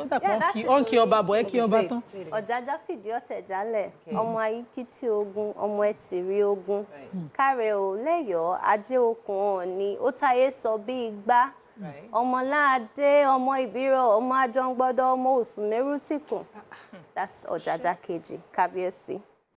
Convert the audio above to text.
ó dàpọ̀ ọ̀n kí ọba bọ̀ ẹ́ kí ọba tán. ọ̀jájá fìdí ọ̀tẹ̀ jálẹ̀ hmm. ọmọ ayíkí tí ogun ọmọ ẹ̀ tì rí ogun hmm. kárẹ̀ ò lẹ́yọ̀ọ́ ajé okùn ọ̀ọ̀ni ó táyé sọ bí igbá ọmọláadé ọmọ ìbírọ̀ ọmọ ajọ́ngbọ́dọ̀ ọmọ òsùnmẹ́rù tìkùn ah, hmm. that's ọ̀jájá kejì kábíyèsí.